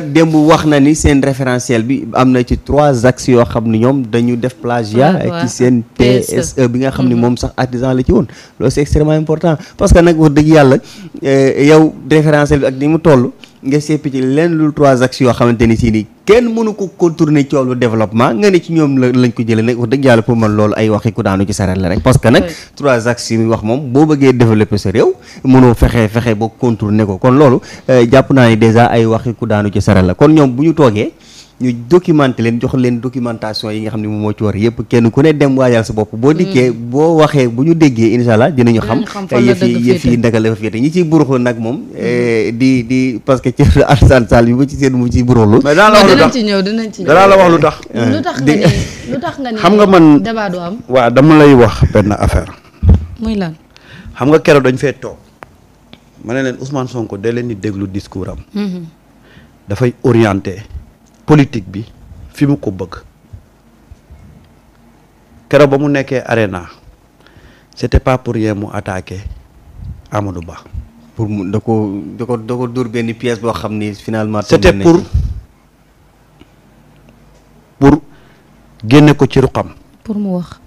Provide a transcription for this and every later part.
démb wax na ni seen référentiel bi am na ci trois axes yoo xam ni ñoom dañu def plagiat ci seen TSE e bi nga xam ni mhm. moom sax artisan la ci woon loolu c'est extrêmement important parce que nag wax dëgg yàlla euh, yow référentiel bi ak ni mu toll nga seppi ci len lu trois axes yoo xamante ni si nii kenn mënu ko contourner ci wàllu développement nga ni ci ñoom la lañ ko jëlee nag wax dëgg pour man loolu ay waxi ku daanu ci sareet la rek parce que nag trois axes yi muy wax moom boo bëggee développer sa réew mënoo fexe fexe ba contourner ko kon loolu euh, jàpp naa ne déjà ay waxi daanu ci sareet la kon ñoom bu ñu toogee ñu documenté leen jox leen documentation yi xam ne moom moo ci war yëpp kenn ku ne dem waajal sa bopp mm. boo dikkee boo waxee bu ñu déggee insha allah dinañu xam yëf yi yëf yi ndaka la fa féete ñi ciy buruxlu nag moom mm. euh, di di parce que ci Alassane Sall ci seen mu ciy buruxlu lu tax danaa la wax lu tax. lu eh, tax nga ne xam nga man débat du am. waaw dama lay wax benn affaire. muy lan. xam nga keroog dañ fee toog. ma ne leen Ousmane Sonko da leen di déglu discours am. Mm-hmm. dafay orienté politique bi fi mu ko bëgg. keroog ba mu nekkee arena c'était pas pour rien mu attaqué Amadou Ba. pour mu da ko da ko da ko dóor benn pièce boo xam ni finalement. c'était pour génne ko ci ruqam. pour mu wax.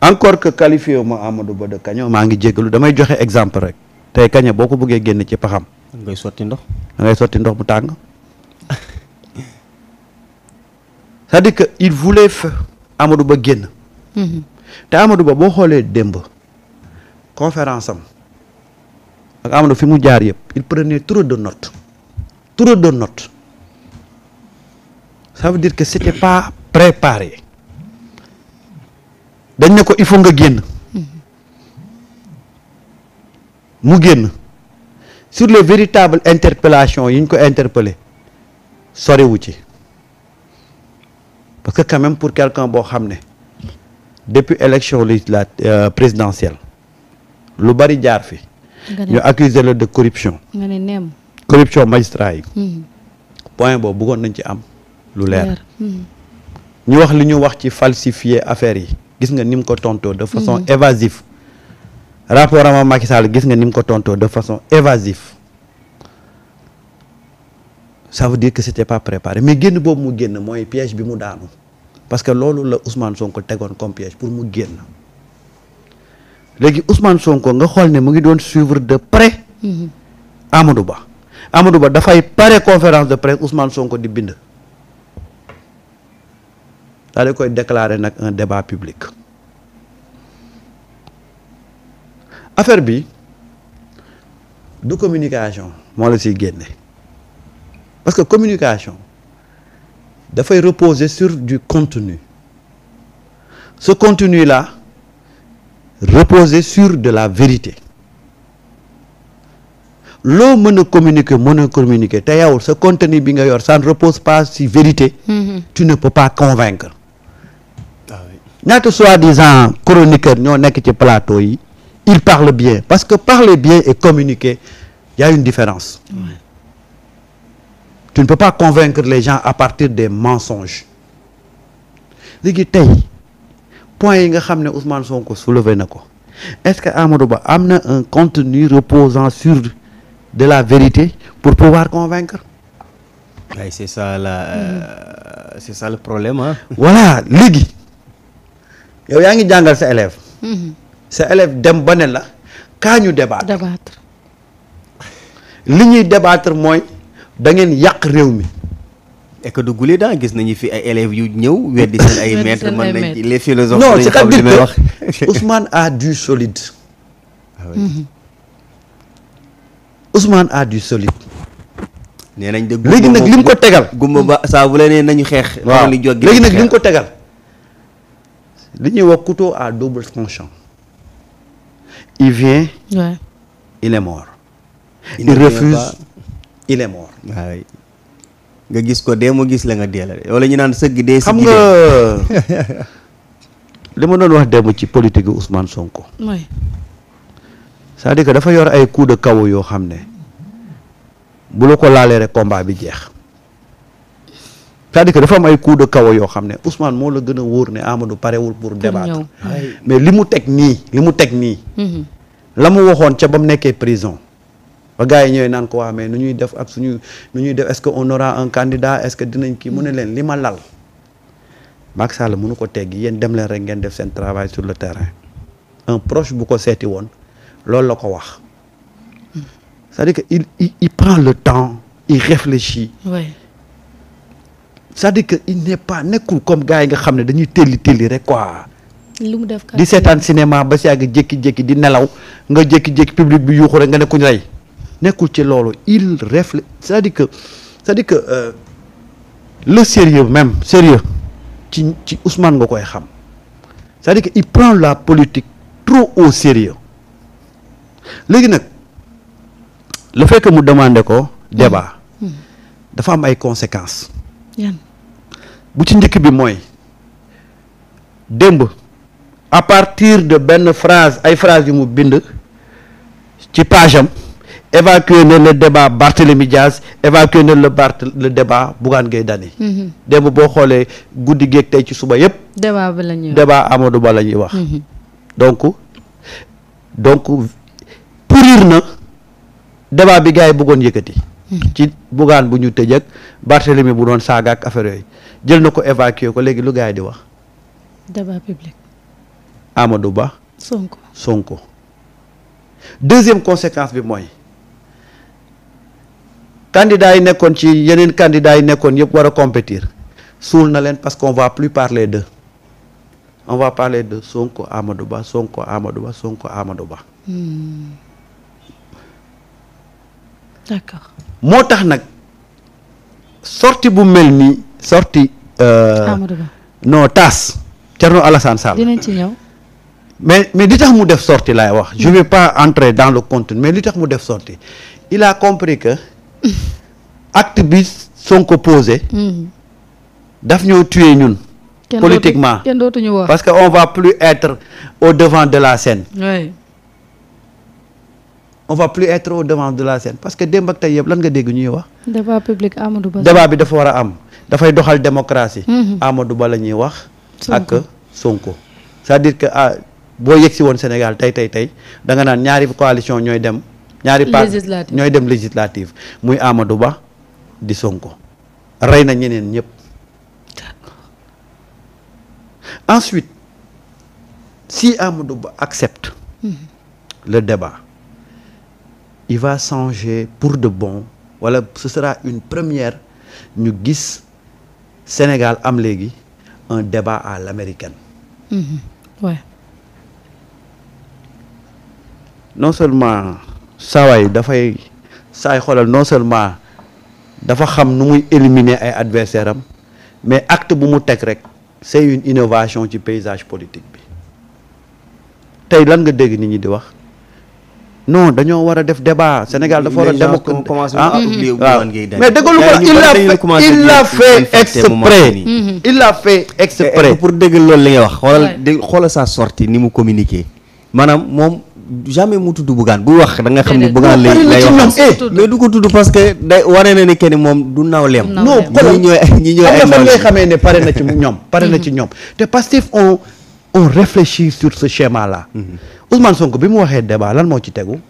encore que qualifié wu ma Amadou Ba de kaño maa ngi jéggalu damay joxe exemple rek tey kaña boo ko bëggee génne ci paxam. da ngay sotti ndox. sotti ndox mu tàng. c'est-à-dire que il voulait fa Amadou Ba génn. Mhm. te Amadou Ba boo xoolee démb conférence am ak Amadou fi mu jaar yëpp il prenait trop de notes trop de notes. ça veut dire que c'était pas préparé dañ ne ko il faut nga génn mu génn sur les véritables interpellations yi ñu ko interpellé soriwu ci parce que quand pour quelqu'un boo xam ne depuis élection législative euh, présidentielle lu bari jaar fi ñu accuser la de corruption corruption magistrat yi mm-hmm. point boobu buggoon nañ ci am lu leer hmm. ñu wax li ñu wax ci falsifier affaire yi gis nga ni mu ko tontoo de façon hmm. évasive rapport am Macky gis nga ni mu ko tontoo de façon évasive ça veut dire que c'était pas préparé mais génn boobu mu génn mooy piège bi mu daanu parce que loolu la Ousmane Sonko tegoon comme piège pour mu génn léegi Ousmane Sonko nga xool ne mu ngi doon suivre de près hmm. Amadou Ba Amadou Ba dafay pare conférence de presse Ousmane Sonko di bind daal di koy déclarer nag un débat public affaire bi du communication moo la génne parce que communication dafay reposer sur du contenu ce contenu là reposer sur de la vérité loo mën a communique mën a communiquer te yow sa contenu bi nga yor sa ne repose pas sur vérité. Mm-hmm. tu ne peux pas convaincre. ñaata soi-disant chroniqueur ñoo nekk ci plateau yi il parle bien parce que parler bien et communiquer y une différence ouais. tu ne peux pas convaincre les gens à partir des mensonges léegi tey point yi nga xam ne Ousmane Sonko soulevé na ko est-ce que Amadou Ba am na un contenu reposant sur de la vérité pour pouvoir convaincre waaye c'est ça la euh, ça le problème hein? voilà yow yaa ngi jàngal sa élève mhm. sa élève dem ba ne la kaa ñu débattre li ñuy débattre mooy dangeen yàq réew mi et que du daa gis nañu fi ay élèves yu ñëw weddi seen ay maîtres man nañ les philosophes non c'est-à-dire que Ousmane a du solide ah mhm. a du solide nee nañ de léegi nag li mu ko tegal gumba ba saa bu la nee nañu xeex waaw li nag li mu ko tegal li ñuy wax couteau à double tranchant il vient. il est mort. il, est mort. nga gis ko dee mu gis la nga dee la wala ñu naan sëgg dee. xam nga li ma doon wax démb ci politique yi Ousmane Sonko. oui. cest à dafa yor ay coups de yoo xam ne bu la ko laalee rek bi jeex. c'est-à-dire que dafa am ay coup de kaw yoo xam ne Ousmane moo la gën a wóor ne Amadou parewul pour débattre mais li mu teg nii li mu teg nii mhm. la mu waxoon ca ba mu nekkee prison ba gars yi ñooy naan ko waa mais nu ñuy def ak suñu nu ñuy def est-ce que on aura un candidat est-ce que dinañ kii mu ne leen li ma lal Macky Sall mënu ko teggi yéen dem leen rek ngeen def seen travail sur le terrain un proche bu ko seeti woon loolu la ko wax mhm. c'est-à-dire que il il prend le temps il réfléchit ouais. c'est-à-dire que il n'est pas nekkul comme gars yi nga xam ne dañuy telli telli rek quoi. lu mu def di seetaan cinéma ba si àgg jékki-jékki di nelaw nga jékki-jékki public bi yuuxu rek nga nekkuñ rey nekkul ci loolu il reflète c'est-à-dire que c'est-à-dire que euh, le sérieux même sérieux ci ci Ousmane nga koy xam c'est-à-dire que il prend la politique trop au sérieux léegi nag le fekk mu demandé ko débat mm. Mm. dafa am ay conséquences. bu ci njëkk bi mooy démb à partir de benn phrase ay phrase yu mu bind ci page am évacuer na le débat Barthélémy Diaz évacuer na le Bart le débat Bougane Gueye mm-hmm. démb boo xoolee guddi géeg tey ci suba yépp débat ba ñuy débat Ba la wax mm-hmm. donc donc pourrir na débat bi gars yi bëggoon yëkkati ci bugaan bu ñu tëj ak Barthélemy bu doon saaga ak affaire yooyu jël na ko évacuer ko léegi lu gars di wax. débat Amadou Ba. Sonko Sonko. deuxième conséquence bi mooy candidats yi nekkoon ci yeneen candidats yi nekkoon yëpp war a compétir suul na leen parce qu'on va plus parler d'eux on va parler de Sonko Amadou Ba Sonko Amadou Ba Ba. Hmm. d'accord moo tax nag sorti bu mel ni sorti euh, Amadou Ba non taas Thierno Alassane Sall dinañ mais mais li tax mu def sorti lay wax je mm. vais pas entrer dans le continuer mais li tax mu def sorti il a compris que act bi Sonko posé mm. daf ñoo tuer ñun politiquement parce que on va plus être au devant de la scène on va plus être au devant de la parce que démb ak tey yëpp lan nga dégg ñuy wax. débat public Amadou Ba. débat bi dafa war a am dafay doxal démocratie. Mhm. Amadou Ba la ñuy wax. ak Sonko cest dire que ah boo yegsi woon Sénégal tey tey tey da nga naan ñaari coalition ñooy dem. ñaari parti ñooy dem législative muy Amadou Ba di Sonko rey na ñeneen ñëpp. ensuite si Amadou Ba accepte. Mm -hmm. le débat. il va changer pour de bon wala ce sera une première ñu gis Sénégal am léegi un débat à l'américaine. Mmh. non seulement saawaay dafay saay xoolal non seulement dafa xam nu muy éliminer ay adversaire am mais acte bu mu teg rek c'est une innovation ci paysage politique bi tey lan nga dégg nit ñi di wax non dañoo war a def débat Sénégal dafa war a dem ah waaw ah. mais déglu ma il a il a mhm. fait exprès il a fait exprès pour dégg loolu li nga wax xoolal dé xoolal sa sortie ni mu communiqué maanaam moom jamais mu tudd Bougane buy wax da nga xam ne Bougane lay lay wax eh, mais du ko tudd parce que day waree na ni kenn moom du nawleem non ñi ñooy ñi ñooy ay fan ngay xamee ne pare na ci ñoom pare na ci mhm. ñoom te Pastef on on réfléchit sur ce schéma là mhm. Ousmane Sonko bi mu waxee débat lan moo ci tegu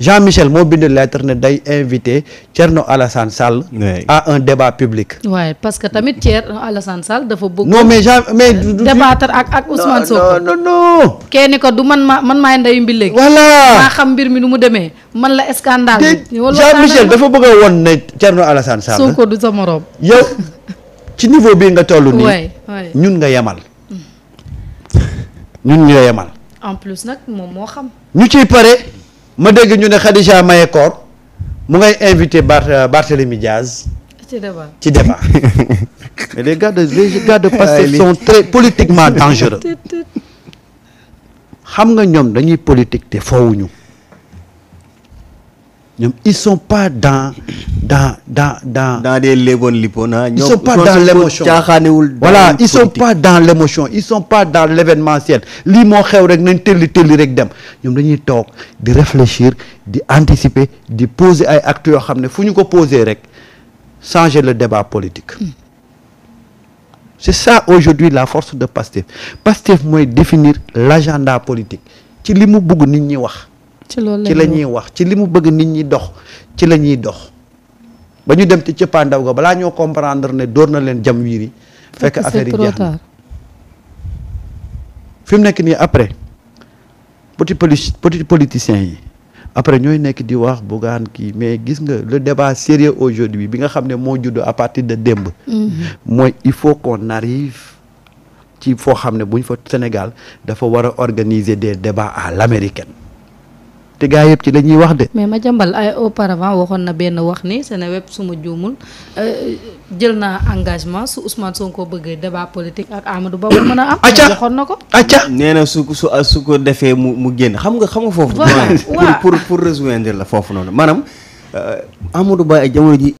Jean Michel moo bind lettre ne day invité Thierno Alassane Sall. à un débat public. waaye parce que tamit Thierno Alassane Sall dafa bëgg. non mais Jean mais. débattre ak ak Ousmane Sonko du man ma man maay ndeyu mbi xam mbir mi nu mu demee man la scandale. dafa bëgg sa morom. yow ci niveau bii nga toll nii. ñun nga yemal. ñun ñoo yemal. en plus nag moom moo xam. ñu ciy pare ma dégg ñu ne Khadija Mayekor mu ngay invité Barth euh, Barthélémy Diaz. ci débat ci débat mais les gars de très politiquement dangereux. xam nga ñoom dañuy politique te foowuñu ñoom ils sont pas dans. dans dans dans. dans des lépon-lipona. ils sont pas dans l'émotion caaxaanewul. voilà ils sont pas dans l'émotion ils sont pas dans l'événementiel lii moo xew rek nañ tëlli tëlli rek dem ñoom dañuy toog di réfléchir di anticiper di poser ay actes yoo xam ne fu ñu ko poser rek changer le débat politique. Hmm. c'est ça aujourd'hui la force de Pastef Pastef mooy définir l'agenda politique ci li mu bëgg nit ñi wax. ci loolu la ñuy wax ci li mu bëgg nit ñi dox ci la ñuy dox. ba ñu dem ci cëppaandaw ga balaa ñoo comprendre ne dóor na leen jam wiiri fekk affaire yi na fi mu nekk nii après petit poli petit politicien yi après ñooy nekk di wax Bougane kii mais gis nga le débat sérieux aujourd'hui bi nga xam ne moo judd à partir de démb mm-hmm. mooy il faut qu'on arrive ci foo xam ne buñ fa Sénégal dafa war a organiser des débats à l'américaine te gaa yëpp ci la wax de. mais ma jàmbal ay auparavant waxoon na benn wax ni Seneweb su ma juumul euh, jël na engagement su Ousmane Sonko bëggee débat politique ak Amadou Ba mën a am. acca waxoon na ko. su su su ko defee mu mu génn xam nga xam nga foofu. voilà pour pour rejoindre la foofu noonu maanaam euh, Amadou Ba jamono ji